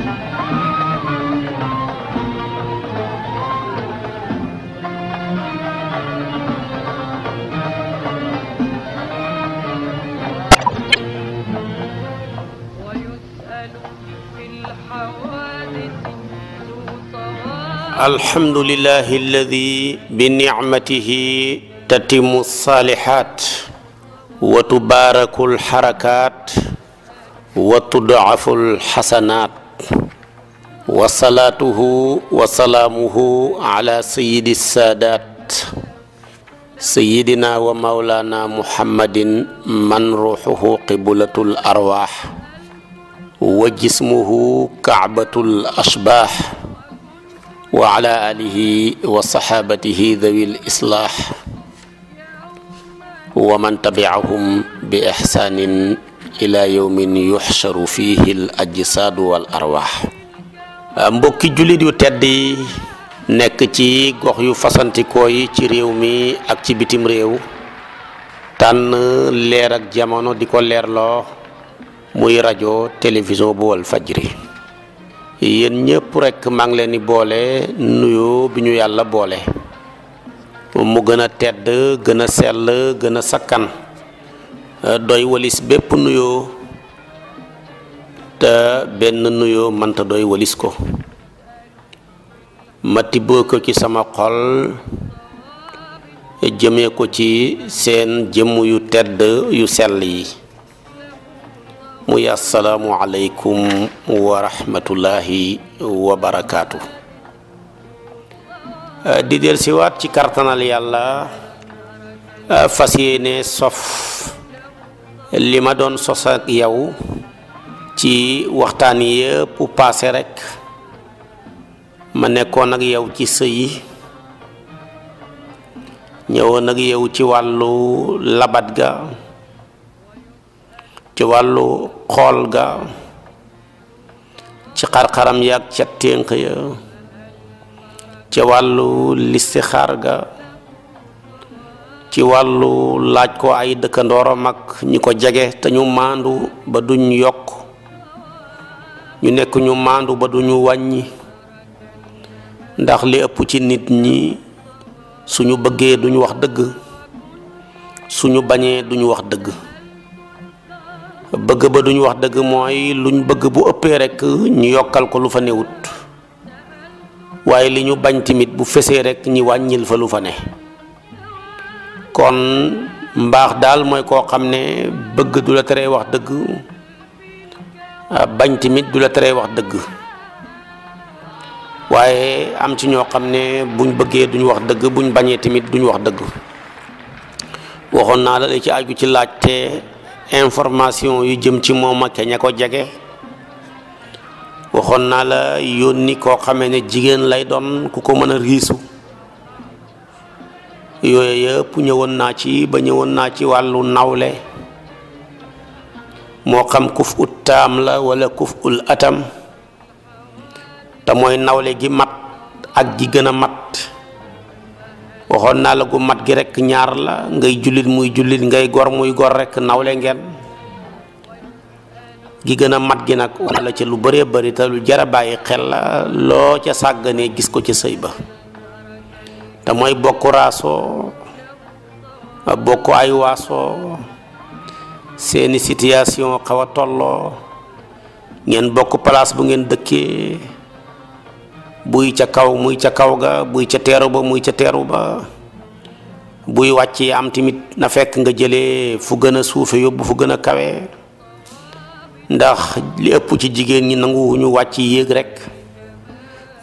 الحمد لله الذي بنعمته تتم الصالحات وتبارك الحركات وتضعف الحسنات wa salaatuhu wa salaamuhu ala sayidi saadaat sayidina wa maulana muhammadin man ruuxuhu qibulatul arwaax wa jismuhu kaabatul ashbaax wa ala alihi wa saxaabatihi dawil islaax wa man tabiahum bi ixsaanin ila yowmin yuxsharu fiihi al ajsaadu wal arwaax Euh, mbokki jullit yu tedd yi nekk ci gox yu fasantikoo yi ci réew mi ak ci bitim réew tànn leer ak jamono di ko leerloo muy rajo télévision bu wal fajri yéen ñëpp rekk maa ngi leen di boole nuyoo bi ñu yàlla boole mu gën a tedd gën a sell gën a sakkan euh, doy walis bépp nuyoo te benn nuyoo mënta doy walis ko ma tibboo ko ci sama xol jëme ko ci seen jëmm yu tedd yu sell yi muy assalaamu aleykum wa rahmatullahi di del ci kartanal yàlla fas yéene sof li ma doon sosaak ak yow ci waxtaan yëpp paase rekk ma nekkoon ak yow ci sëyi yi ñëwoon ak yow ci wàllu labat ga ci wàllu xool ga ci xar-xaram yaag ca ténk ya ci wàllu listixaar ga ci wàllu laaj ko ay dëkkandooram ak ñu ko jege te ñu maandu ba duñ yokk ñu nekk ñu maandu ba duñu wàññi ndax li ëpp ci nit ñi suñu bëggee duñu wax dëgg suñu bañee duñu wax dëgg bëgg ba duñu wax dëgg mooy luñ bëgg bu ëppee rekk ñu yokkal ko lu fa newut waaye li ñu bañ tamit bu fesee rekk ñi wàññil fa lu fa ne kon mbaax daal mooy koo xam ne bëgg du la teree wax dëgg bañ tamit du la teree wax dëgg waaye am ci ñoo xam ne buñ bëggee duñ wax dëgg buñ bañee tamit duñ wax dëgg waxoon naa la li ci aju ci laajte information yu jëm ci moom ak ña ko jege waxoon naa la yoon ni koo xamee ne jigéen lay doon ku ko mën a riisu yooyu yëpp ñëwoon naa ci ba ñëwoon naa ci wàllu nawle moo xam kuf ut taam la wala kuf ul atam te mooy nawle gi mat ak gi gën a mat waxoon naa la gu mat gi rekk ñaar la ngay jullit muy jullit ngay gor muy gor rekk nawle ngeen gi gën a mat gi nag wala la ca lu bëree bëri te lu jar bàyyi xel la loo ca sàggane gis ko ca sëy ba te mooy bokk raasoo bokk ay waaso seeni situation xaw a tolloo ngeen bokk palaas bu ngeen dëkkee buy ca kaw muy ca kaw ga buy ca teeru ba muy ca teeru ba buy wàccee am tamit na fekk nga jëlee fu gën a suufe yóbbu fu gën a kawe ndax li ëpp ci jigéen ñi ñu wàcc yéeg rek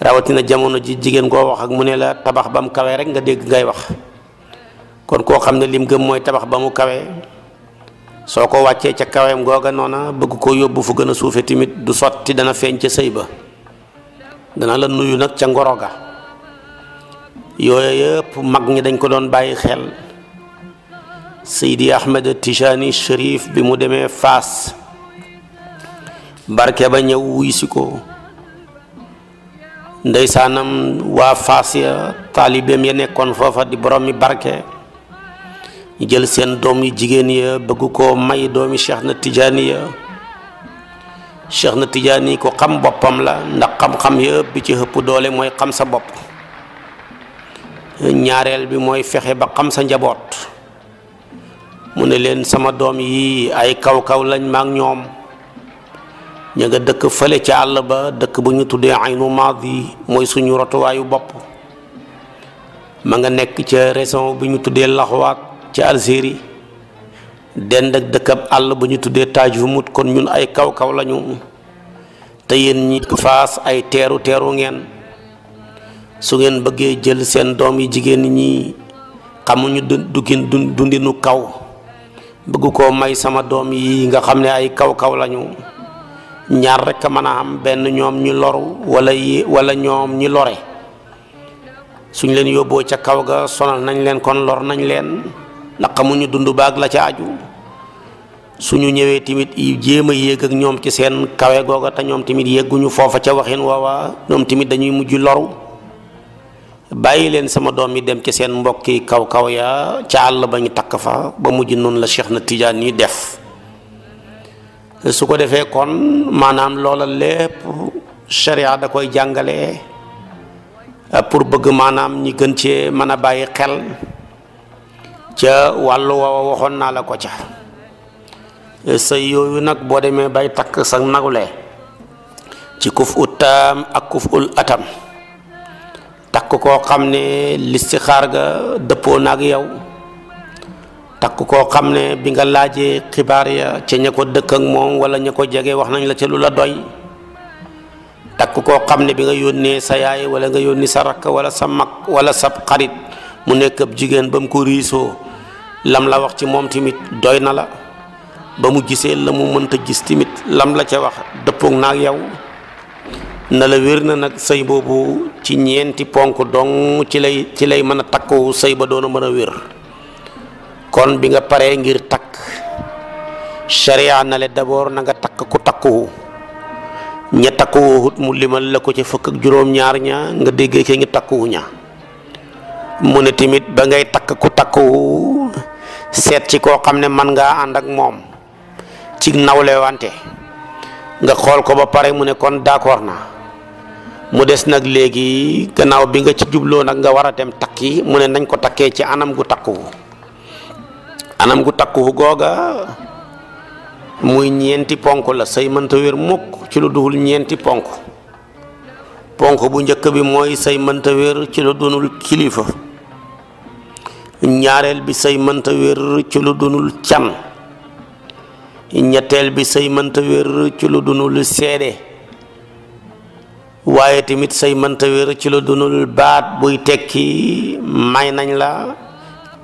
rawatina jamono ji jigéen koo wax ak mu ne la tabax ba mu kawe rek nga dégg ngay wax kon koo xam ne lim gëm mooy tabax ba mu kawe soo ko wàccee ca kawem googa noona bëgg koo yóbbu fu gën a suufe tamit du sotti dana feeñ ca sëy ba dana la nuyu nag ca ngoro ga yooyu yëpp mag ñi dañ ko doon bàyyi xel Seydi Ahmed Tijani Cherif bi mu demee Faas barke ba ñëw wuy ko ndeysaanam waa Faas ya taalibeem ya nekkoon foofa di borom barke ñu jël seen doom yu jigéen ya bëgg koo may doomi Cheikh na Tijaani ya Cheikh na Tijaani ko xam boppam la ndax xam-xam yëpp bi ci ëpp doole mooy xam sa bopp ñaareel bi mooy fexe ba xam sa njaboot mu ne leen sama doom yi ay kaw-kaw lañ maak ñoom ñu nga dëkk fële ci àll ba dëkk bu ñu tuddee aynu maadi mooy suñu rotuwaayu bopp ma nga nekk ca région bi ñu tuddee laxwaat ci Algérie dend ak dëkk dëkkab àll bu ñu tuddee taaj fu mut kon ñun ay kaw kaw lañu te yéen ñi fas ay teeru teeru ngeen su ngeen bëggee jël seen doom yi jigéen ñi xamuñu dugin dundinu kaw bëgg koo may sama doom yi nga xam ne ay kaw kaw lañu ñaar rekk a mën a am benn ñoom ñi loru wala yi wala ñoom ñi lore suñ leen yóbboo ca kaw ga sonal nañ leen kon lor nañ leen ndax xamuñu dund baag la ca aju suñu ñëwee tamit jéem a yéeg ak ñoom ci seen kawe googa ñoom tamit yégguñu foofa ca waxin waawaa ñoom tamit dañuy mujj loru bàyyi leen sama doom yi dem ci seen mbokki kaw kaw ya ca àll ba ñu takk fa ba mujj noonu la Cheikh na Tijaan yi def su ko defee kon maanaam loola lépp sharia da koy jàngale pour bëgg maanaam ñi gën cee mën a bàyyi xel ca wàllu woowa waxoon naa la ko ca sëy yooyu nag boo demee bay takk sa nagule ci kuf ut taam ak kuf ul atam takk koo xam ne listixaar ga dëppoo na ak yow takk koo xam ne bi nga laajee xibaar ya ca ña ko dëkk moom wala ña ko jege wax nañ la ca lu la doy takk koo xam ne bi nga yónnee sa yaay wala nga yónni sa rakk wala sa mag wala sa xarit mu nekk ab jigéen bam mu ko riisoo lam la wax ci moom tamit doy na la ba mu gisee la mu mënta gis tamit lam la ca wax dëppoog naag yow na la wér na nag sëy boobu ci ñeenti ponk dong ci lay ci lay mën a takku sëy ba doon mën a wér kon bi nga paree ngir takk sharia na le d'abord na nga takk ku takkuwu ña takkuwuut mu limal la ko ci fukk ak juróom-ñaar ña nga déggee ke ngi takkuwu ña mu ne tamit ba ngay takk ku takku seet ci koo xam ne man ngaa ànd ak moom ci nawle wante nga xool ko ba pare mu ne kon d'accord na mu des nag léegi gannaaw bi nga ci jubloo nag nga war a dem takki mu ne nañ ko takkee ci anam gu takkuwu anam gu takkuwu googa muy ñeenti ponk la sëy mënta wér mukk ci lu duhul ñeenti ponk ponk bu njëkk bi mooy sëy manta wér ci lu dunul kilifa ñaareel bi say mënta wér ci lu dunul can ñetteel bi say mënta wér ci lu dunul seede waaye tamit say mënta wér ci lu dunul baat buy tekki may nañ la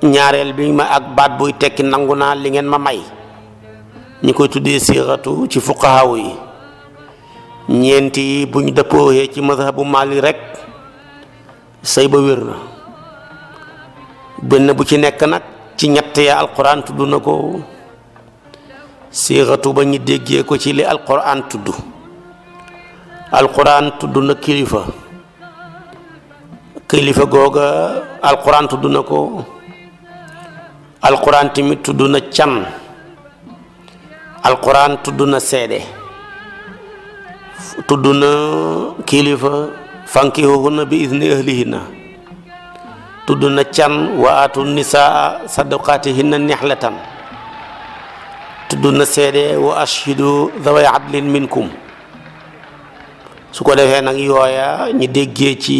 ñaareel bi ak baat buy tekki nangu naa li ngeen ma may ñu koy tuddee siixatu ci fuqahaaw yi ñeenti bu ñu dëppoohee ci mazhabu Maalik rekk say ba wér na benn bu ci nekk nag ci ñett ya alquran tudd na ko siixatu ba ñu déggee ko ci li alquran tudd alquran tudd na kilifa kilifa googa alquran tudd na ko alquran tamit tudd na can alquran tudd na seede tudd na kilifa fankihuhunna bi izni ahlihinna tudd na can wa aatu nisaa sadaqaatihinna nihlatan tudd na seede wa ashhidu daway adlin minkum su ko defee nag yooya ñu déggee ci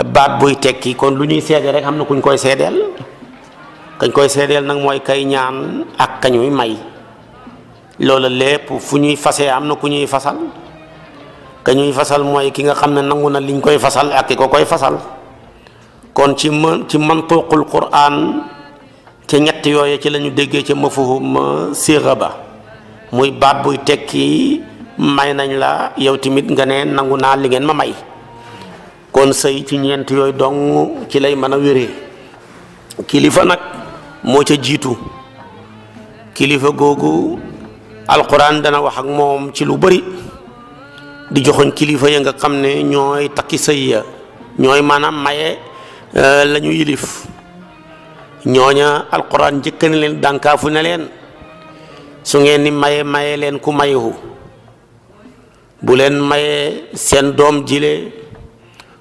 baat buy tekki kon lu ñuy seede rek am na kuñ koy seedeel kañ koy seedeel nag mooy kay ñaan ak kañuy may loola lépp fu ñuy fasee am na ku ñuy fasal kañuy fasal mooy ki nga xam ne nangu na liñ koy fasal ak ki ko koy fasal kon ci man ci mantuqul quraan ci ñett yooye ci lañu déggee ca mafhum siira ba muy baat buy tekki may nañ la yow tamit nga ne nangu naa li ngeen ma may kon sëy ci ñeent yooyu dong ci lay mën a wéree kilifa nag moo ca jiitu kilifa googu alquran dana wax ak moom ci lu bari di joxoñ kilifa ya nga xam ne ñooy takki sëy ya ñooy maanaam maye Euh, lañu ñu yilif ñooña alquran njëkk na leen dànkaafu ne leen su ngeen ni maye maye leen ku mayewu bu leen mayee seen doom jile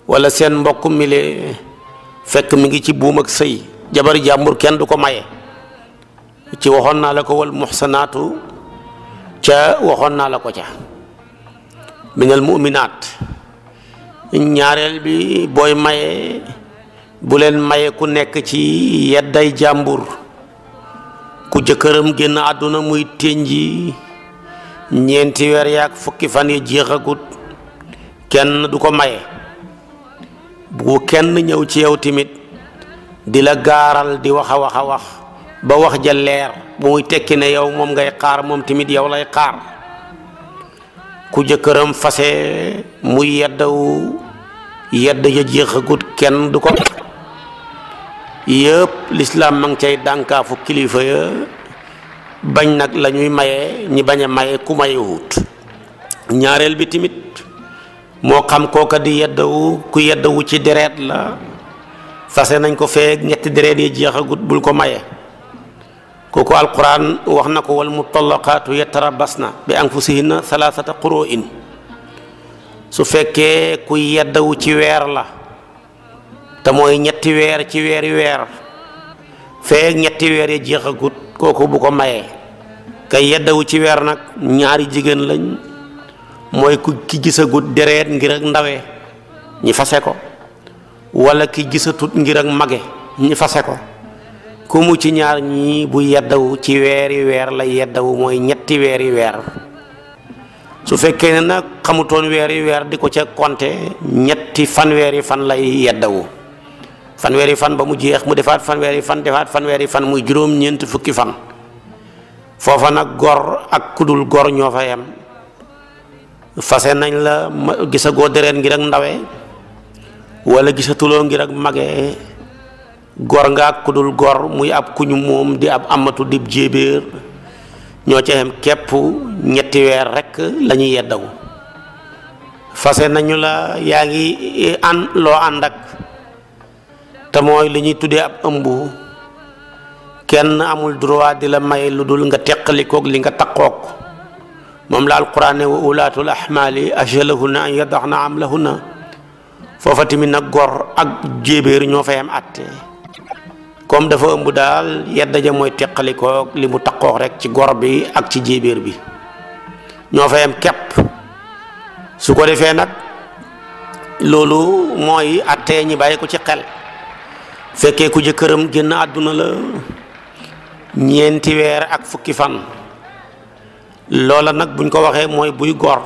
wala seen mbokk mile fekk mi ngi ci buum ak sëy jabar jàmbur kenn du ko maye ci waxoon naa la ko wal muxsanaatu ca waxoon naa la ko ca minal muminaat ñaareel bi booy maye bu leen mayee ku nekk ci yedday jàmbur ku jëkkëram génn àdduna muy ténji ñeenti weer yaag fukki fan yi jeexagut kenn du ko maye bu kenn ñëw ci yow tamit di la gaaral di wax a wax wax ba wax ja leer bu muy tekki ne yow moom ngay xaar moom tamit yow lay xaar ku jëkkëram fase muy yeddawu yedd ja jeexagut kenn du ko yëpp lislaam ma cay dànkaafu kilifa ya bañ nag lañuy maye ñi bañ a maye ku mayewut ñaareel bi tamit moo xam kooka di yeddawu ku yeddawu ci dereet la fase nañ ko feeg ñetti dereet yi jeexagut bul ko maye kooku alquran wax na ko wal mutallaqaatu yatarabasna bi anfusihinna salaasata quroo in su fekkee ku yeddawu ci weer la te mooy ñetti weer ci weeri weer feeg ñetti weer yi jeexagut kooku bu ko mayee kay yeddawu ci weer nag ñaari jigéen lañ mooy ku ki gisagut dereet ngir ak ndawee ñi fase ko walla ki gisatut ngir ak mage ñi fase ko ku mu ci ñaar ñii bu yeddawu ci weeri weer lay yeddawu mooy ñetti weeri weer su fekkee ne nag xamutoon weeri weer di ko ca konte ñetti fan weeri fan lay yeddawu fanweeri fan ba mu jeex mu defaat fanweeri fan defaat fanweeri fan muy juróom-ñeent fukki fan foofa nag gor ak kudul gor ñoo fa yem fase nañ la gisagoo deret ngir ak ndawe wala gisatuloo ngir ak mage gor nga ak kudul gor muy ab kuñu moom di ab amatu dib jéebéer ñoo ca yem képp ñetti weer rekk la ñuy yeddawu fase nañu la yaa ngi eh, an loo ànd ak te mooy li ñuy tuddee ab ëmb kenn amul droit di la may lu dul nga teqalikoog li nga taqoog moom la alquran ne wa ulaatul ahmaali ajalahunna an yadaxna amlahunna foofa tamit nag gor ak jébéer ñoo fay am àtte comme dafa ëmb daal yedda ja mooy teqalikoog li mu taqoog rek ci gor bi ak ci jébéer bi ñoo fay am képp su ko defee nag loolu mooy àttee ñi bàyyi ko ci xel fekkee ku jëkkëram génn àdduna la ñeenti weer ak fukki fan loola nag buñ ko waxee mooy buy gor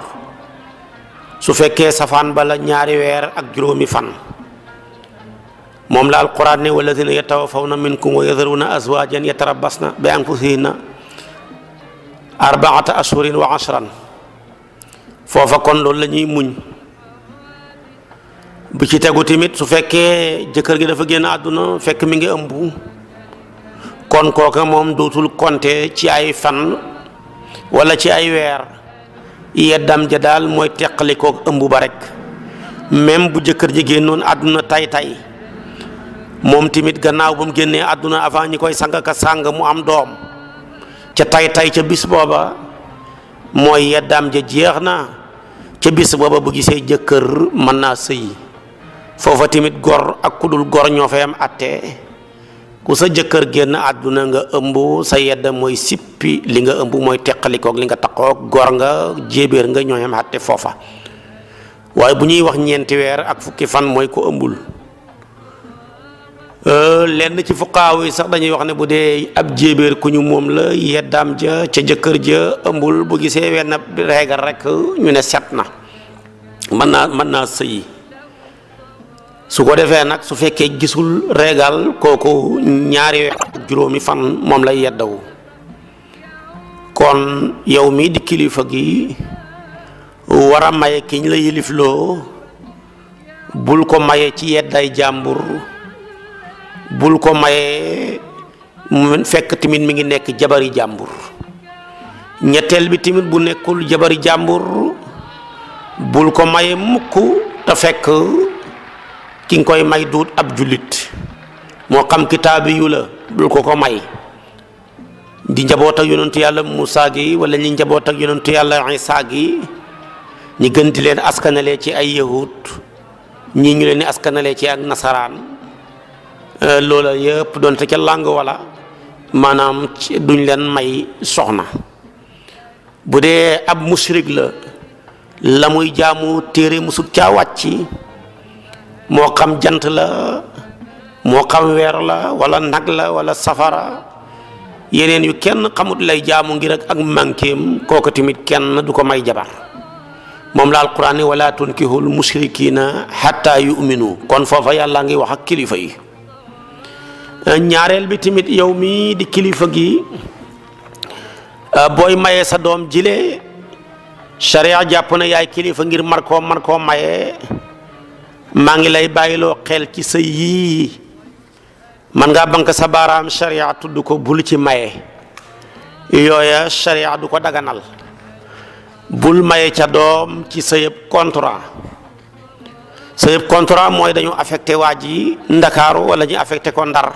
su fekkee safaan bala ñaari weer ak juróomi fan moom la alquran ne walladina yatawaffawna minkum wa yadharuna azwajan yatarabbasna bi anfusihinna arbaata ashhurin wa ashran foofa kon loolu la muñ bu ci tegu tamit su fekkee jëkkër gi dafa génn àdduna fekk mi ngi ëmb kon kooka moom dootul compter ci ay fan wala ci ay weer yeddam ja daal mooy teqali koog ëmb ba rekk même bu jëkkër ji génnoon àdduna tay tay moom tamit gannaaw ba mu génnee àdduna avant ñi koy sang ka sang mu am doom ca tay tay ca bis booba mooy yeddam ja jeex na ca bis booba bu gisee jëkkër mën naa sëy foofa tamit gor ak kudul gor ñoo fay am atte ku sa jëkkër génn àdduna nga ëmb sa yedda mooy sippi li nga ëmb mooy teqalikoog li nga takkook gor nga jéebéer nga ñoo am atte foofa waaye bu ñuy wax ñeenti weer ak fukki fan mooy ko ëmbul euh, lenn ci fuqaaw yi sax dañuy wax ne bu dee ab jéebéer ku ñu moom la yeddaam ja ca jëkkër ja ëmbul bu gisee wenn reegal rek ñu ne set na mën naa mën naa sëyi su ko defee nag su fekkee gisul régal kooku ñaari weer juróomi fan moom lay yeddawu kon yow mii di kilifa gi war a maye kiñ la yilifloo bul ko maye ci yedday jàmbur bul ko maye mu fekk tamit mi ngi nekk jabari jàmbur ñetteel bi tamit bu nekkul jabari jàmbur bul ko maye mukk te fekk ki nga koy may duut ab jullit moo xam kitaabi yu la bul ko ko may di njaboot ak yonentu yàlla Musaa gi wala ñi njaboot ak yonentu yàlla Isaa gi ñi gën di leen askanalee ci ay yahud ñii ñu leen di askanalee ci ak nasaraan euh, loola yëpp doonte ca làng wala maanaam duñ leen may soxna bu dee ab musurik la la muy jaamu téere musut caa wàcc moo xam jant la moo xam weer la walla nag la wala safara yeneen yu kenn xamut lay jaamu ngir ak ak manquéem kooku tamit kenn du ko may jabar moom la alquran ni wala tunkihul mushrikina hatta yuminu kon foofa yàlla ngi wax ak kilifa yi eh, ñaareel bi tamit yow mii di kilifa gi eh, booy maye sa doom jile sharia jàpp na yaay kilifa ngir mar koo mar koo maye maa ngi lay bàyyiloo xel ci sa yii man ngaa bank sa baaraam sharia tudd ko bul ci maye yooya sharia du ko daganal bul maye ca doom ci sa yëpp contrat sa yëpp contrat mooy dañu affecté waa ji ndakaaru wala ñu affecté ko ndar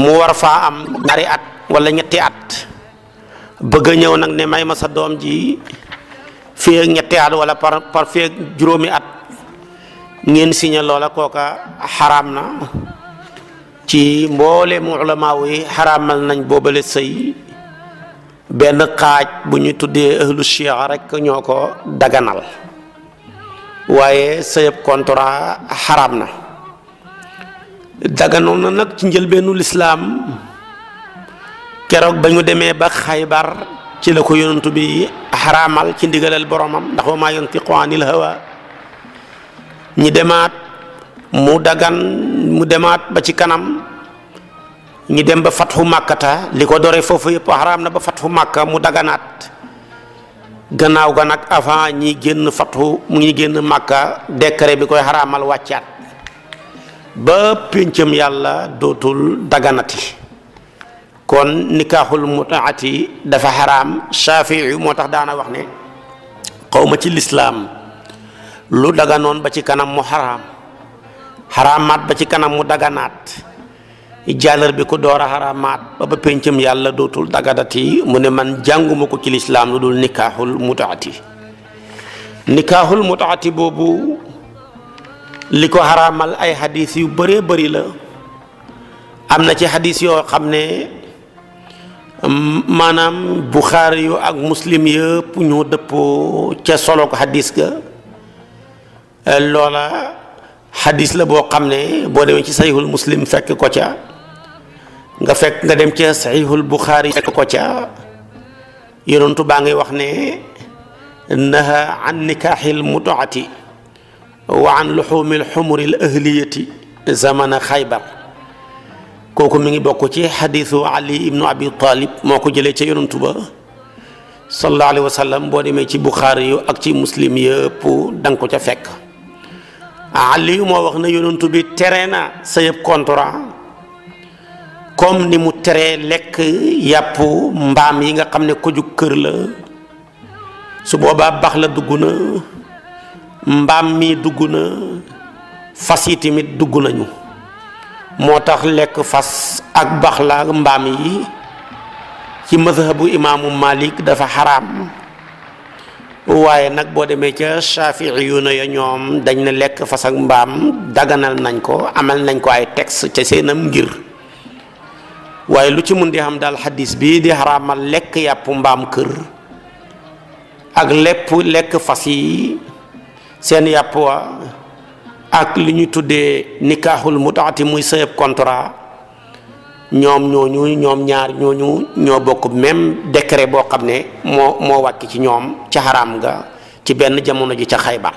mu war faa am ñaari at wala ñetti at bëgg a ñëw nag ne may ma sa doom ji fii ak ñetti at wala par par juróomi at ngeen signé loola kooka xaraam na ci mbooleem ulamaaw yi nañ boobale sëy benn xaaj bu ñu tuddee ahlu chia rek ñoo ko daganal waaye sëyab contrat xaram na daganoon na nag ci njëlbeenu lislaam keroog ba ñu demee ba xaybar ci la ko yonantu bi xaraamal ci ndigalal boromam ndax wa maa yantiqu anil hawa ñi demaat mu dagan mu demaat ba ci kanam ñi dem ba fatxu màkkata li ko dore foofu yëpp xaraam na ba fat fatxu màkka mu daganaat gannaaw ga nag avant ñi génn fatxu mu ngi génn màkka décret bi koy xaraamal wàccaat ba péncam yàlla dootul daganati kon nikaaxul mutaati dafa xaraam shafii moo tax daana wax ne xawma ci lislaam lu daganoon ba ci kanam mu xaraam xaraamaat ba ci kanam mu daganaat jàllar bi ku door a xaraamaat ba ba péncam yàlla dootul dagadati mu ne man jànguma ko ci lislaam lu dul nikaaxul mutaati nikaaxul mutaati boobu li ko xaraamal ay xadiis yu bëree bari la am na ci xadiis yoo xam ne maanaam buxaari yu ak muslim yëpp ñoo dëppoo ca solo ko xadiis ga loola xadis la boo xam ne boo demee ci saxiixul muslim fekk ko ca nga fekk nga dem ca saxiixul buxaari fekk ko ca yonentu baa ngay wax ne naha an nikaaxil mudoati wa an luxumil xumuril ahliyati zamana xaybar kooku mi ngi bokk ci xadisu ali ibnu abi talib moo ko jëlee ca yonontu ba sallallahu alayhi wa sallam boo demee ci buxaari yu ak ci muslim yëpp da ko ca fekk Aliou moo wax na yonentu bi tere na sëyëb contrat comme ni mu teree lekk yàpp mbaam yi nga xam ne ko kër la su boobaa bax la dugg na mbaam mi dugg na fas yi tamit dugg nañu moo tax lekk fas ak baax la mbaam yi ci mazhabu imaamu Malik dafa xaraam waaye nag boo demee ca chaafiiyuuna ya ñoom dañ ne lekk fas ak mbaam daganal nañ ko amal nañ ko ay tex ca seenam ngir waaye lu ci mun di xam daal xadis bii di xaraamal lekk yàppu mbaam kër ak lépp lekk fas yi seen yàpp wa ak li ñu tuddee nikaaxul mutaati muy sëyëb contrat ñoom ñooñu ñoom ñaar ñooñu ñoo bokk même décret boo xam ne moo moo wàcc ci ñoom ca xaraam nga ci benn jamono ji ca xaybar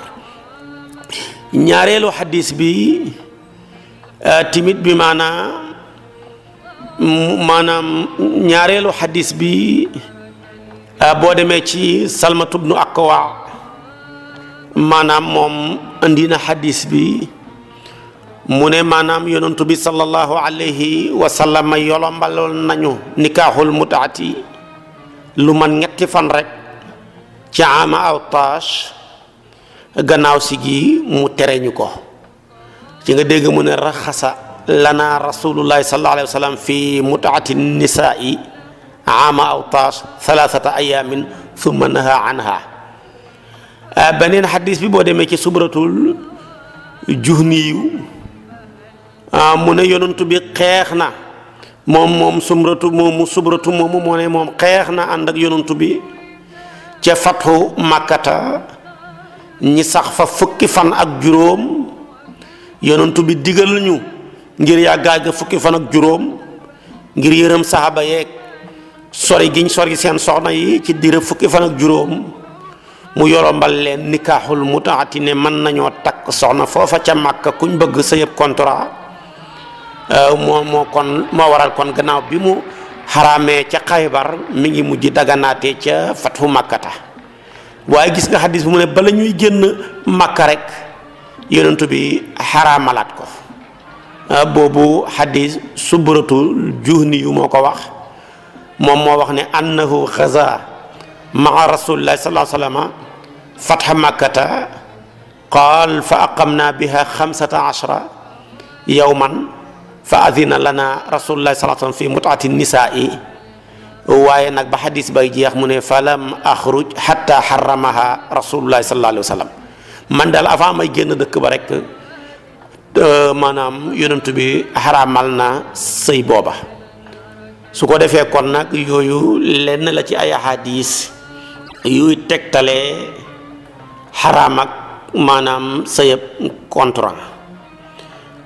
ñaareelu xadis bi euh, timit bi maanaam maanaam ñaareelu xadis bi euh, boo demee ci salmatubnu akwa maanaam moom indi na xadis bi mu ne maanaam yonantu bi sallallahu alayhi wa sallam nañu nikaaxul mutaati lu man ñetti fan rek ci ama aw tash gannaaw si gi mu tereñu ko ci nga dégg mu ne raxasa lana rasulullahi sallallahu alayhi wa sallam fi mutaati nisaai ama aw tash thalathata ayamin thumma naha anha beneen xadis bi boo demee ci subratul juhniyu ah mu ne yonent bi xeex na moom moom sumratu moomu subratu moomu moo ne moom xeex na ànd ak yonent bi ca fatxu màkkata ñi sax fa fukki fan ak juróom yonent bi digal ñu ngir yàggaay ga fukki fan ak juróom ngir yërëm saxaaba yeeg sori giñ sori seen soxna yi ci diira fukki fan ak juróom mu yorombal leen nikaaxul mu mutaati ne mën nañoo takk soxna foofa ca màkk kuñ bëgg sa yëpp contrat Euh, moo moo kon moo waral kon gannaaw bi mu xaraamee ca xaybar mi ngi mujj daganaatee ca fathu makkata waaye gis nga xadis bu mu ne bala ñuy génn makka rek yonentu bi xaraamalaat ko euh, boobu xadis subratul juhni yu moo ko wax moom moo wax ne annahu xaza maa rasulillahi salaa sallama fatha makkata qaal fa aqamna biha xamsata ashra yowman fa adina lana rasulullah sallallahu la wasallam waaye nag ba xadis bay jeex mu ne falam axruj xatta xaramaha rasulullah sallallahu alayhi wasallam man daal avant ay génn dëkk ba rek euh, maanaam yonent bi xaramal na sëy booba su ko defee kon nag yooyu lenn la ci ay xadis yuy tegtale xaraam maanaam sëyëb contrat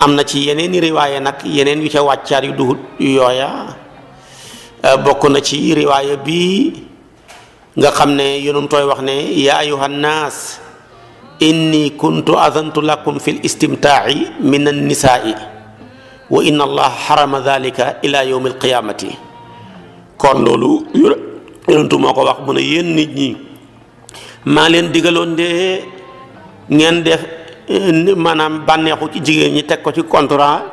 am na ci yeneen riwaaye nag yeneen yu ca wàccaar yu duhut yooya euh, bokk na ci riwaaye bii nga xam ne yonum tooy wax ne yaa ayuhan naas inni kuntu adantu lakum fi l min an wa inna allaha xarama dalika ila yowmi alqiyaamati kon loolu yonentu moo ko wax mu ne yéen nit ñi maa leen digaloon de ngeen Euh, maanaam bànneexu ci jigéen ñi teg ko ci contrat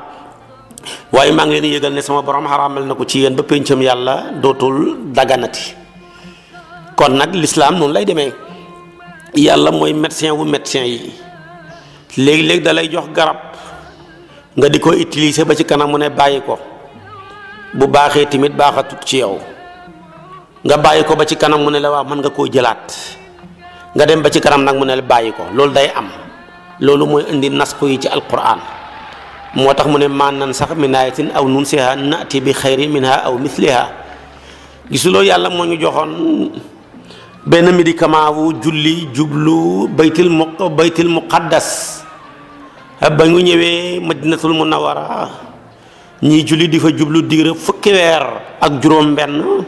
waaye maa ngi leen yëgal ne sama borom xaraamal na ko ci yéen ba péncam yàlla dootul daganati kon nag lislaam noonu lay demee yàlla mooy médecin wu médecin yi léegi-léegi dalay jox garab nga di ko utilise ba ci kanam mu ne bàyyi ko bu baaxee tamit baaxatut ci yow nga bàyyi ko ba ci kanam mu ne la waaw mën nga koo jëlaat nga dem ba ci kanam nag mu ne la bàyyi ko loolu day am loolu mooy indi nasku yi ci alquran moo tax mu ne maan sax min aw nunsiha nati bi xayrin minha aw misliha gisuloo yàlla moo ñu joxoon benn médicament wu julli jublu baytil mu baytil muqaddas ba ñu ñëwee madinatul munawara ñii julli di fa jublu diira fukki weer ak juróom benn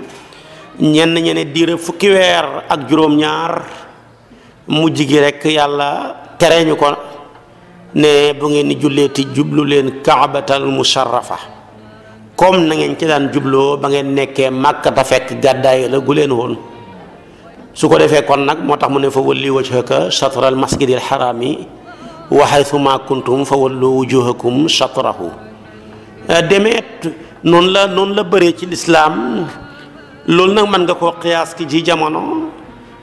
ñenn ñene diira fukki weer ak juróom ñaar mujj gi rekk yàlla tere ñu ko ne bu ngeen di julleeti jublu leen kaabatal musharrafa comme na ngeen ci daan jubloo ba ngeen nekkee màkkata fekk gàddaay la gu leen woon su ko defee kon nag moo tax mu ne fa walli wajhaka shatral masjidil harami wa haythuma kuntum fa wallu wujuhakum shatrahu demeet noonu la noonu la baree ci lislaam loolu nag mën nga koo xiyaas ki ji jamono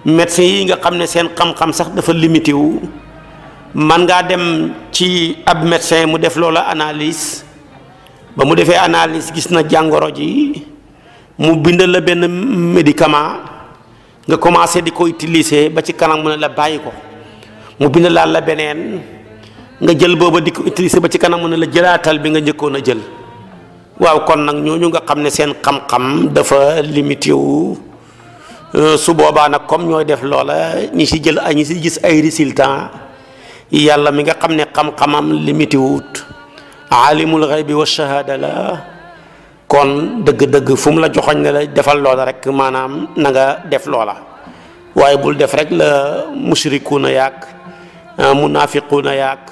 médecins yi nga xam ne seen xam-xam sax dafa limité wu man ngaa dem ci ab médecin mu def loola analise ba mu defee analise gis na jàngoro ji mu bind la benn médicament nga commencé di ko utiliser ba ci kanam mu ne la bàyyi ko mu bind laal la beneen nga jël booba di ko utiliser ba ci kanam mu ne la jëlaatal bi nga njëkkoon a jël waaw kon nag ñooñu nga xam ne seen xam-xam dafa limité wu euh, su boobaa nag comme ñooy def loola ñi ci jël ñi ci gis ay résultats. yàlla mi nga xam ne xam-xamam limité wut alimul xaybi wa shahaada la kon dëgg-dëgg fu mu la joxoñ ne la defal loola rek maanaam nanga nga def loola waaye bul def rek la mushrikuuna yàgg ah, munaafiquuna yàgg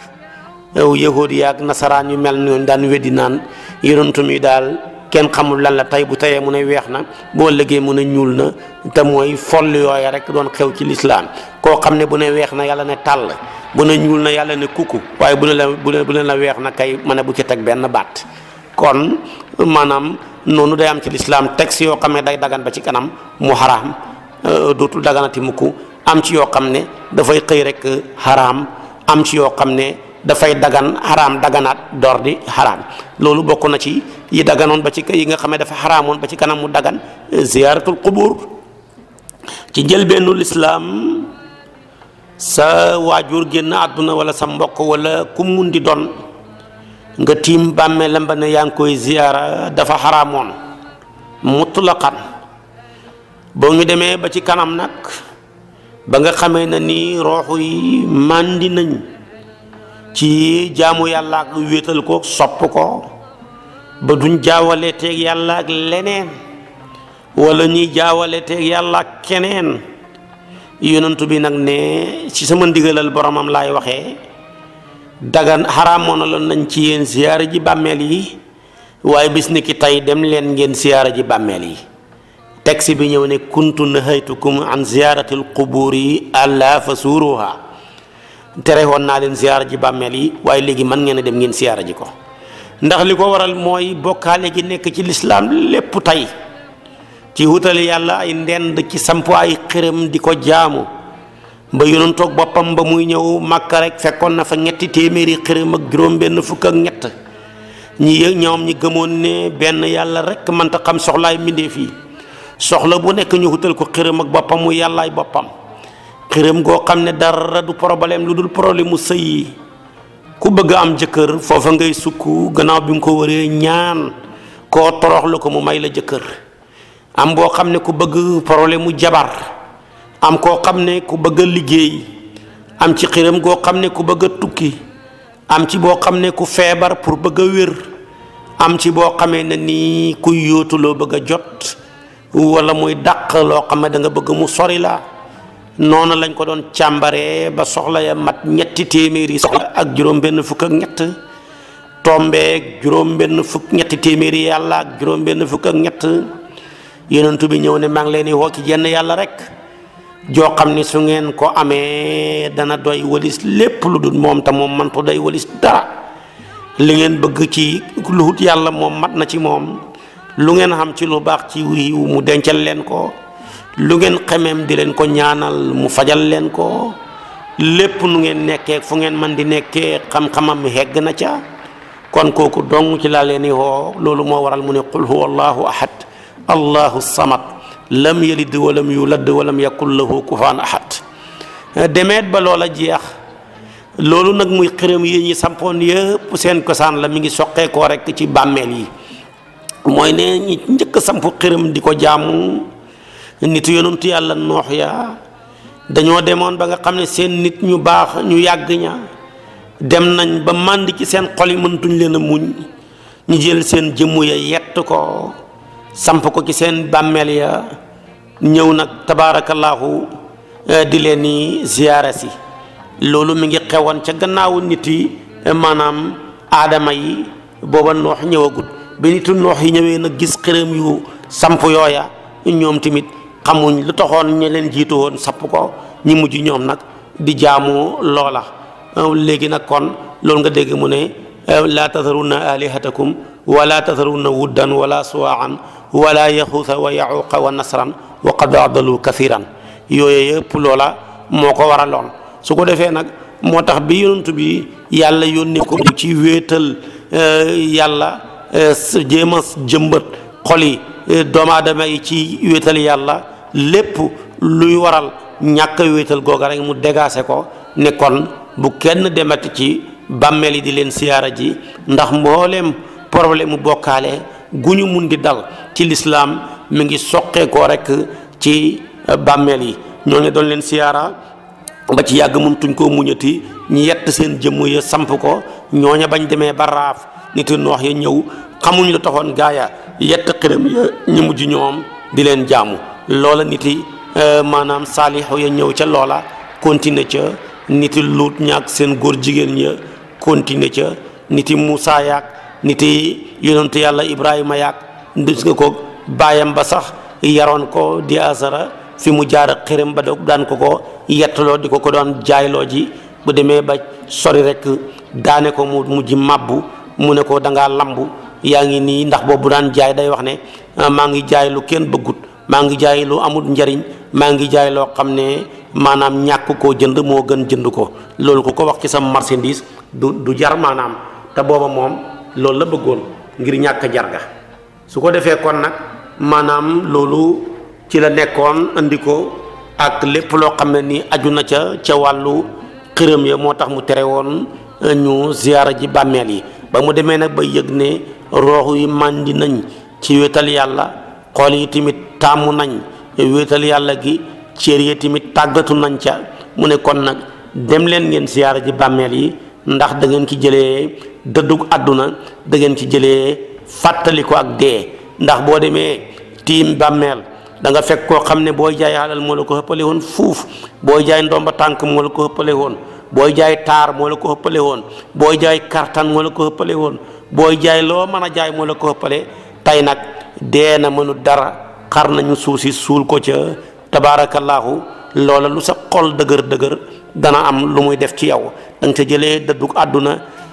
ah, yahuud yàgg nasaraan yu mel noonu daan weddi naan yonent mi daal kenn xamul lan la tey bu teyee mu ne weex na boo liggéey mu ne ñuul na te mooy foll yooya rek doon xew ci lislaam koo xam ne bu ne weex na yàlla ne tàll bu ne ñuul na yàlla ne kukku waaye bu ne la bu ne bu ne la weex na kay ma bu ci teg benn baat kon maanaam noonu day am ci lislaam texte yoo xam ne day dagan ba ci kanam mu xaraam euh, dootul daganati mukk am ci yoo xam ne dafay xëy rek xaraam am ci yoo xam ne dafay dagan xaraam daganaat door di xaraam loolu bokk na ci yi daganoon ba ci yi nga xam ne dafa xaraamoon ba ci kanam mu dagan euh, ziyaaratul qubur ci njëlbeenu lislaam sa waajur génn àdduna wala sa mbokk wala ku mun di doon nga tiim bàmmeelam ba ne yaa ngi koy ziyaara dafa xaraamoon mutlaqan boo ngi demee ba ci kanam nag ba nga xamee na ni rooxu yi màndi nañ ci jaamu yàlla ak wéetal ko sopp ko ba duñ jaawale teeg ak leneen wala ñuy jaawale teeg ak keneen yonantu bi nag ne ci sama ndigalal boromam laay waxee dagan xaraamoonaloon nañ ci yéen siyaara ji bàmmeel yi waaye bis ni ki tey dem leen ngeen siyaara ji bàmmeel yi texte bi ñëw ne kuntu nahaytukum an ziyaaratil quburi alla fasuruha tere woon naa leen ziyaara ji bàmmeel yi waaye léegi mën ngeen a dem ngeen siyaara ji ko ndax li ko waral mooy bokkaale gi nekk ci lislaam lépp tey ci wutal yàlla ay ndend ci samp ay xërëm di ko jaamu ba yonoon toog boppam ba muy ñëw màkka rek fekkoon na fa ñetti téeméeri xërëm ak juróom-benn fukk ak ñett ñi ñoom ñi gëmoon ne benn yàlla rek mënta xam soxlaay mbindeef yi soxla bu nekk ñu wutal ko xërëm ak boppam mu yàllaay boppam xërëm goo xam ne dara du problème lu dul problème mu sëy yi ku bëgg am jëkkër foofa ngay sukk gannaaw bi mu ko waree ñaan koo torox ko mu may la jëkkër am boo xam ne ku bëgg problème mu jabar am koo xam ne ku bëgg a liggéey am ci xiram goo xam ne ku bëgg a tukki am ci boo xam ne ku feebar pour bëgg a wér am ci boo xamee ne nii kuy yóotu loo bëgg a jot wala muy dàq loo xam ne danga bëgg mu sori la noonu lañ ko doon càmbaree ba soxla ya mat ñetti téeméeri soxla ak juróom-benn fukk ak ñett tombeeg juróom-benn fukk ñetti téeméeri yàlla ak juróom-benn fukk ak ñett yonentu bi ñëw ne maa ngi leen di woo ki jenn yàlla rek joo xam ni su ngeen ko amee dana doy walis lépp lu dul moom te moom mantu day walis dara li ngeen bëgg ci lu wut yàlla moom mat na ci moom lu ngeen xam ci lu baax ci wiiw mu dencal leen ko lu ngeen xemeem di leen ko ñaanal mu fajal leen ko lépp nu ngeen nekkee fu ngeen man di nekkee xam-xamam hegg na ca kon kooku dong ci laa leen di woo loolu moo waral mu ne qul huwa allahu ahad allahu samad lam yalid walam yulad walam yakun lahu kufaan ahad demeet ba loola jeex loolu nag muy xërëm yi ñi sampoon yëpp seen kosaan la mi ngi soqeekoo rekk ci bàmmeel yi mooy ne ñi njëkk samp xërëm di ko jaamu nitu yonentu yàlla noox ya dañoo demoon ba nga xam ne seen nit ñu baax ñu yàgg ña dem nañ ba màndi ci seen xol yi mëntuñ leen a muñ ñu jël seen jëmm ya yett ko samp ko ci seen bàmmeel ya ñëw nag tabaarakallaahu eh, di leen ni ziyaara si loolu mi ngi xewoon ca gannaawu nit eh, maanaam aadama yi booba noox ñëwagut bi nitu noox yi ñëwee nag gis xërëm yu samp yooya ñoom tamit xamuñ lu taxoon ñu leen jiitu woon sapp ko ñu mujj ñoom nag di jaamu loola eh, léegi nag kon loolu nga dégg mu ne laa tasarunna alihatakum wala tasarunna wuddan wala suwaan wala yaxuusa wa yaxuuqa wa nasran wa qad adalu kathiran yooyu yëpp loola moo ko waraloon su ko defee nag moo tax bi yonent bi yàlla yónni ko ci wéetal eh, yàlla eh, jéem a jëmbat xol yi eh, yi ci wéetal yàlla lépp luy waral ñàkk wéetal googa rek mu dégaase ko ne bu kenn demati ci bàmmeel yi di leen siyaara ji ndax mbooleem problème mu bokkaale gu ñu mun di dal ci lislaam mu ngi soqeekoo rek ci euh, bàmmeel yi ñoo ne doon leen siyaara ba ci yàgg mëntuñ koo muñati ñi yett seen jëmm ya samp ko ñooña bañ demee ba raaf nit noox ya ñëw xamuñ la taxoon gaaya yett xiram ya ñu mujj ñoom di leen jaamu loola niti euh, maanaam saalixu ya ñëw ca loola continuer ca niti luut ñaak seen góor jigéen ya continuer ca niti Muusaa yaak nit yi yonentu yàlla ibrahima yaag ndis nga ko baayam ba sax yaroon ko di asara fi mu jaar ak xërëm ba daan ko ko yettaloo di ko ko doon jaayloo ji bu demee ba sori rek daane ko mu mujj màbbu mu ne ko danga ngaa lambu yaa ngi nii ndax boobu daan jaay day wax ne ah, maa ngi jaay lu kenn bëggut maa ngi jaay lu amul njariñ maa ngi jaay loo xam ne maanaam ñàkk ko jënd moo gën jënd ko loolu ku ko wax ci sa marchandise du du jar maanaam te booba moom loolu la bëggoon ngir ñàkk jarga su ko defee kon nag maanaam loolu ci la nekkoon andi ko ak lépp loo xam ne ni aju na ca ca wàllu xërëm ya moo tax mu tere woon ñu ziyaara ji bàmmeel yi ba mu demee nag ba yëg ne roox yi màndi nañ ci wéetal yàlla xool yi tamit tàmm nañ wéetal yàlla gi cër yi tamit tàggatu nañ ca mu ne kon nag dem leen ngeen ziyaara ji bàmmeel yi ndax dangeen ci ki jëlee dëddug àdduna da ngeen ci jëlee fàttali ko ak dee ndax boo demee tiim bàmmeel da nga fekk koo xam ne booy jaay alal moo la ko xëppale woon fuuf booy jaay ndomba tànk moo la ko xëppale woon booy jaay taar moo la ko xëppale woon booy jaay kartan moo la ko xëppale woon booy jaay loo mën a jaay moo la ko xëppale tey nag dee na mënul dara xar nañu suuf si suul ko ca tabaarakallaahu loola lu sa xol dëgër dëgër dana am lu muy def ci yow da nga ca jëlee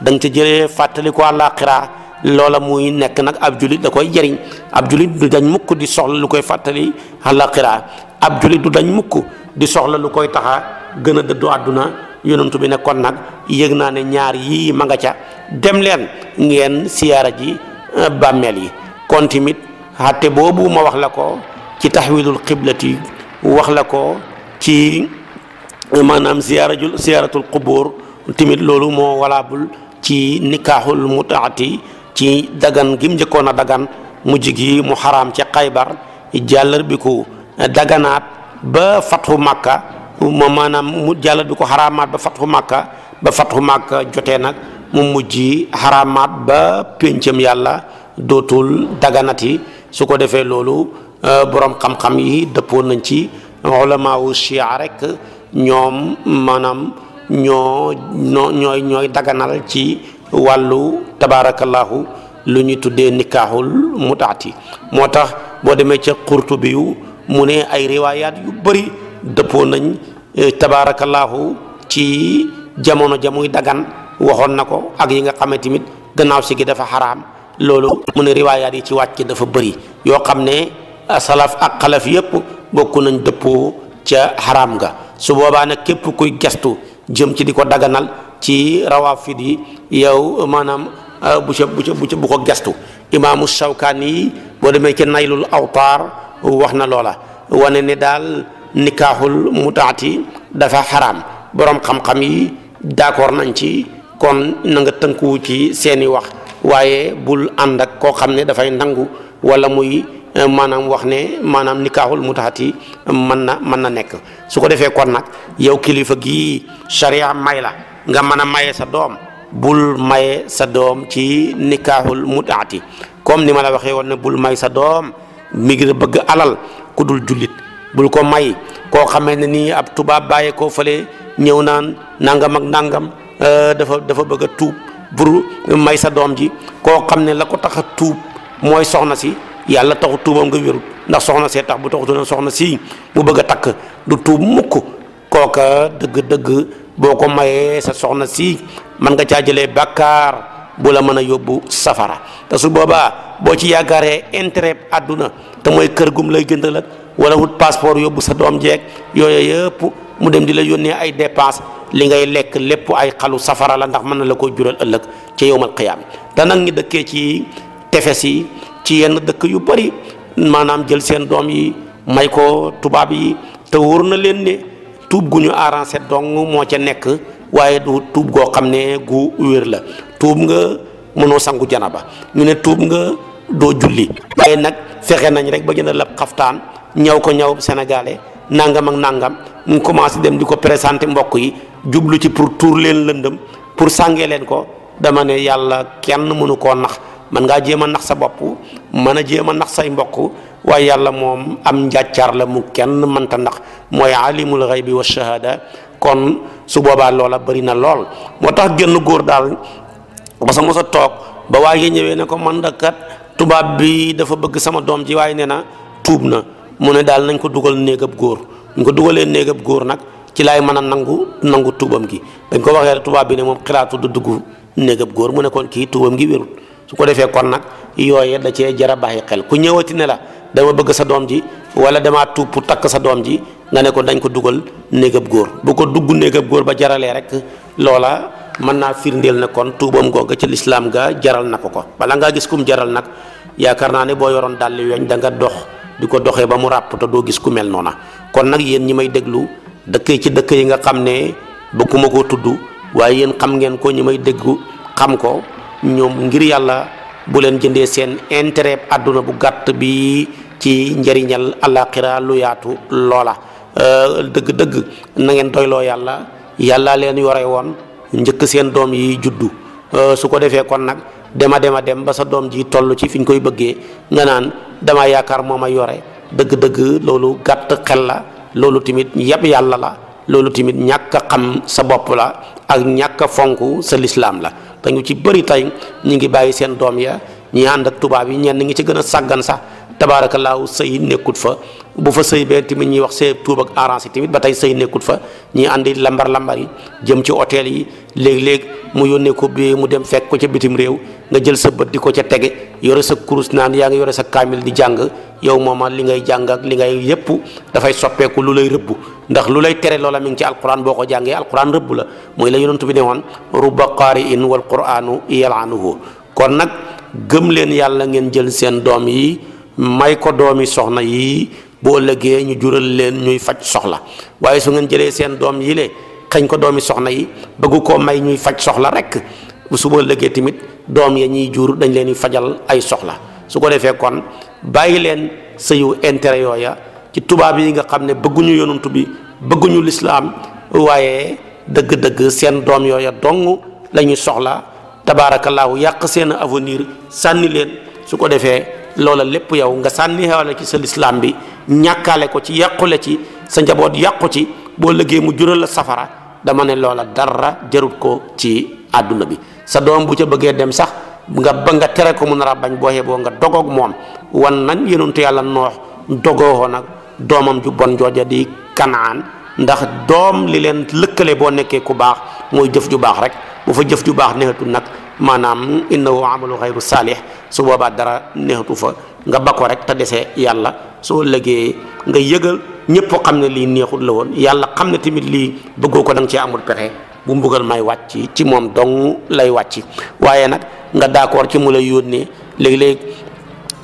da ca jëlee fàttali ko àllaaxira loola muy nekk nag ab julit da koy jëriñ ab julit du dañ mukk di soxla lu koy fàttali àllaaxira ab julit dañ mukk di soxla lu koy taxa gën a dëddu àdduna yonentu bi ne kon nag yëg naa ne ñaar yii ma nga ca dem leen ngeen siyaara ji euh, bàmmeel yi kon tamit xatte boobu ma wax la ko ci taxwilul xiblati wax la ko ci maanaam siyaarajul siyaaratul qubuur tamit loolu moo walaabul ci nikaaxul mutaati ci dagan gim njëkkoon a dagan mujj gi mu xaraam ci xaybar jàllar bi ko daganaat ba fatxu ma maanaam mu jàllar bi ko xaraamaat ba fatxu màkka ba fatxu màkka jotee nag mu mujj xaraamaat ba péncam yàlla dootul daganati su ko defee loolu euh, boroom xam-xam yi dëppoon nañ ci ulamaawu chia rek ñoom maanaam ñoo ñoo ñooy ñooy daganal ci wàllu tabaarakallahu lu ñu tuddee nikaaxul mutaati moo tax boo demee ca bi yu mu ne ay riwaayaat yu bëri dëppoo nañ eh, tabaarakallahu ci jamono ja muy dagan waxoon na ko ak yi nga xamee tamit gannaaw si gi dafa xaraam loolu mu ne riwaayaat yi ci ki dafa bëri yoo xam ne salaf ak xalaf yépp bokk nañ dëppoo ca xaram nga su boobaa nag képp kuy gestu jëm ci di ko daganal ci rawaafid yi yow maanaam euh, bu ca bu ca bu ko gestu imaamu Shawkaani yi boo demee ci naylul awtaar wax na loola wane ne daal nikaaxul mutaati dafa xaraam borom xam-xam yi d'accord nañ ci kon na nga tënkuwu ci seeni wax waaye bul ànd ak koo xam ne dafay nangu walla muy Euh, maanaam wax ne maanaam nikaaxul mutaxat yi mën na mën na nekk su ko defee kon nag yow kilifa gii charia may la nga mën a maye sa doom bul maye sa doom ci nikaaxul mutaxat comme ni ma la waxee woon ne bul may sa doom mi ngi bëgg alal ku dul jullit bul ko may koo xamee ne nii ab tubaab bàyyee koo fële ñëw naan nangam ak nangam euh, dafa dafa bëgg a tuub pour may sa doom ji koo xam ne la ko tax a tuub mooy soxna si yàlla taxu tuubam nga wérut ndax soxna see tax bu taxutu na soxna sii mu bëgg a takk du tuub mukk kooka dëgg-dëgg boo ko mayee sa soxna sii man nga caa jëlee bàkkaar bu la mën a yóbbu safara te su boobaa boo ci yaakaaree intérêt àdduna te mooy kër gum lay gëndal ak wala wut passeport yóbbu sa doom jeeg yooyu yëpp mu dem di la yónnee ay dépense li ngay lekk lépp ay xalu safara la ndax mën na la ko jural ëllëg ci yowmal qiyaam te nag ñi dëkkee ci yi ci yenn dëkk yu bari maanaam jël seen doom yi may ko tubaab yi te wër na leen ne tuub gu ñu arrangé dong moo ca nekk waaye du tuub goo xam ne gu wér la tuub nga mënoo sangu jana ba ñu ne tuub nga doo julli waaye nag fexe nañ rek ba jëndal ab xaftaan ñaw ko ñaw sénégalais nangam ak nangam mu commencé dem di ko présenté mbokk yi jublu ci pour tuur leen lëndëm pour sàngee leen ko dama ne yàlla kenn mënu koo nax man ngaa jéem a nax sa bopp mën a jéem a nax say mbokk waaye yàlla moom am njàccaar la mu kenn mënta ndax mooy alimul xaybi wa shahada kon su boobaa loola bari na lool moo tax génn góor daal ba sa mos a toog ba waaye ñëwee ne ko man da tubaab bi dafa bëgg sama doom ji waaye nee na tuub na mu ne daal nañ ko dugal néegab góor ñu ko dugalee néegab góor nag ci laay mën a nangu nangu tuubam gi dañ ko waxee tubaab bi ne moom xalaatu du dugg néegab góor mu nekkoon kii tuubam gi wérut su ko defee kon nag yooye da cee jar a bàyyi xel ku ñëwati ne la dama bëgg sa doom ji wala damaa tuub pour takk sa doom ji nga ne ko dañ ko dugal néegab góor bu ko dugg néegab góor ba jaralee rek loola mën naa firndeel ne kon tuubam googa ca lislaam ga jaral na ko ko bala ngaa gis kum jaral nag yaakaar naa ne boo yoroon dàlli weñ da nga dox di ko doxee ba mu ràpp te doo gis ku mel noona kon nag yéen ñi may déglu dëkk ci dëkk yi nga xam ne bëgguma koo tudd waaye yéen xam ngeen ko ñi may déggu xam ko ñoom ngir yàlla bu leen jëndee seen intérêt àdduna bu gàtt bi ci njëriñal àllaaxira lu yaatu loola euh, dëgg-dëgg na ngeen doyloo yàlla yàlla leen yore woon njëkk seen doom yi juddu euh, su ko defee kon nag dema dema dem ba sa doom ji toll ci fi ñu koy bëggee nga naan dama yaakaar moo may yore dëgg-dëgg loolu gàtt xel la loolu tamit yab yàlla la loolu tamit ñàkk xam sa bopp la ak ñàkk fonk sa lislaam la te ñu ci bëri tey ñu ngi bàyyi seen doom ya ñi ànd ak tubaab yi ñenn ngi ci gën a sàggan sax tabaarakallaahu sëy nekkut fa bu fa sëy bee tamit ñuy wax sëy tuub ak arrangé tamit ba tey sëy nekkut fa ñuy àndi lambar lambar jëm ci hôtel yi léeg-léeg mu yónnee ko bi mu dem fekk ko ca bitim réew nga jël sa bët di ko ca tege yore sa kurus naan yaa ngi yore sa kaamil di jàng yow mooma li ngay jàng ak li ngay yépp dafay soppeeku lu lay rëbb ndax lu lay tere loola mi ngi ci alquran boo ko jàngee alquran rëbb la mooy la yonent bi ne woon rubba qaari'in wal quranu yalaanuhu kon nag gëm leen yàlla ngeen jël seen doom yi may ko doomi soxna boo ëllëgee ñu jural leen ñuy faj soxla waaye su ngeen jëlee seen doom yi le xañ ko doomi soxna yi bëgg koo may ñuy faj soxla rek su bu ëllëgee tamit doom ya ñuy jur dañ leen di fajal ay soxla su ko defee kon bàyyi leen sëyu intérêt yooya ci tubaab yi nga xam ne bëgguñu yonantu bi bëgguñu lislaam waaye dëgg-dëgg seen doom yooya dong la ñu soxla tabaarakallaahu yàq seen avenir sànni leen su ko defee loola lépp yow nga sànni xewale ci sa lislaam bi ñàkkaale ko ci yàqule ci sa njaboot yàqu ci boo lëggee mu jural la safara dama ne loola dara jarut ko ci àdduna bi sa doom bu ca bëggee dem sax nga ba nga tere ko mu nar a bañ boo xeeboo nga dogoog moom wan nañ yonentu yàlla noox dogoo nag doomam ju bon jooja di kanaan ndax doom li leen lëkkale boo nekkee ku baax mooy jëf ju baax rek bu fa jëf ju baax neexatul nag maanaam innahu amalu xayru saalih su boobaa dara neexatu fa nga ko rek te dese yàlla soo lëgee nga yëgal ñëpp xam ne lii neexut la woon yàlla xam ne tamit lii bëggoo ko da nga amul pexe bu mbugal may wàcc ci moom dong lay wàcc waaye nag nga d'accord ci mu lay yónnee léegi-léegi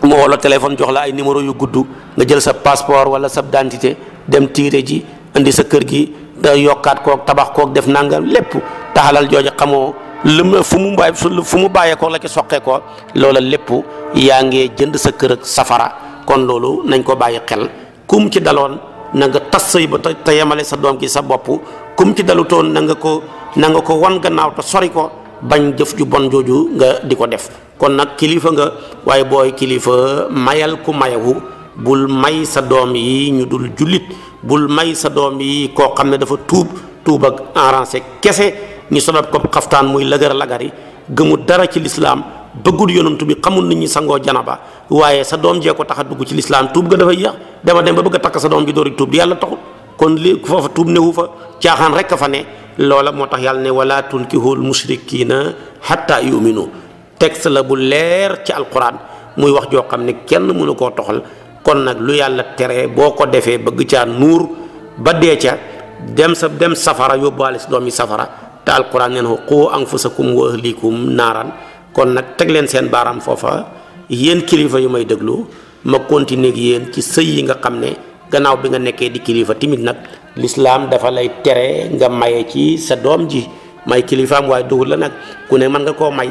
mu woo la téléphone jox la ay numéro yu gudd nga jël sa passeport wala sa identité dem tiire ji indi sa kër gi da yokkaat kook tabax kook def nangam lépp taxalal jooju xamoo lu mu fu mu bàyyi fu mu bàyyeekoo la ci soqeekoo loola lépp yaa ngi jënd sa kër ak safara kon loolu nañ ko bàyyi xel kum ci daloon na nga tas sëy ba te yemale sa doom gi sa bopp kum ci dalutoon na nga ko nanga ko wan gannaaw te sori ko bañ jëf ju bon jooju nga di ko def kon nag kilifa nga waaye booy kilifa mayal ku mayewu bul may sa doom yi ñu dul jullit bul may sa doom yi koo xam ne dafa tuub tuub ak enrancé kese ñu solal ko xaftaan muy lëgër lagari gëmul dara ci lislaam bëggul yonantu bi xamul nit ñi sangoo janaba waaye sa doom jee ko tax a dugg ci lislaam tuub ga dafa yéex dema dem ba bëgg a sa doom ji dóori tuub di yàlla kon li foofa tuub newu fa caaxaan rek a fa ne loola moo tax yàlla ne wala tunkihul mushrikina hatta yuminu texte la bu leer ci alquran muy wax joo xam ne kenn mënu koo toxal kon nag lu yàlla tere boo ko defee bëgg caa nuur ba dee ca dem sa dem safara yóbbaale si doom yi safara te alquran nee na qu anfusakum wa ahlikum naaran kon nag teg leen seen baaraam foofa yéen kilifa yu may déglu ma continuer ak ci sëy yi nga xam ne gannaaw bi nga nekkee di kilifa timit nag lislaam dafa lay tere nga maye ci sa doom ji may kilifaam waaye duhul la nag ku ne mën nga koo may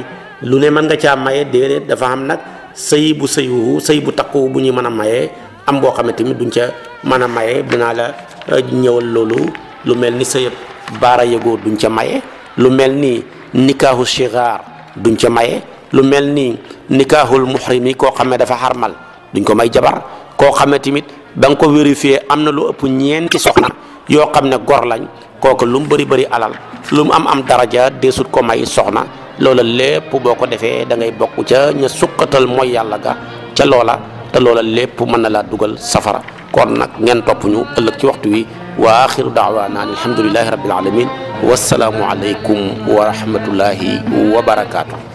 lu ne mën nga caa maye déedéet dafa am nag sëy bu sëyuwu sëy bu takku bu ñuy mën a maye am boo xam ne tamit duñ ca mën a maye dinaa la euh, ñëwal loolu lu mel ni sëyëb baara yëgoo duñ ca maye lu mel ni nikaahu sigaar duñ ca maye lu mel ni nikaahul muhrim yi koo xam ne dafa xarmal duñ ko may jabar koo xam ne tamit da nga ko vérifier am na lu ëpp ñeenti soxna yoo xam ne gor lañ kooku lu mu bëri bëri alal lu mu am am daraja deesut ko may soxna loola lépp boo ko defee dangay ngay bokk ca ña sukkatal mooy yàlla ga ca loola te loola lépp mën na laa dugal safara kon nag ngeen topp ñu ëllëg ci waxtu wi wa axiru daawaana an alhamdulilahi rabbil alamin wasalaamu aleykum wa rahmatullahi wa barakaatu.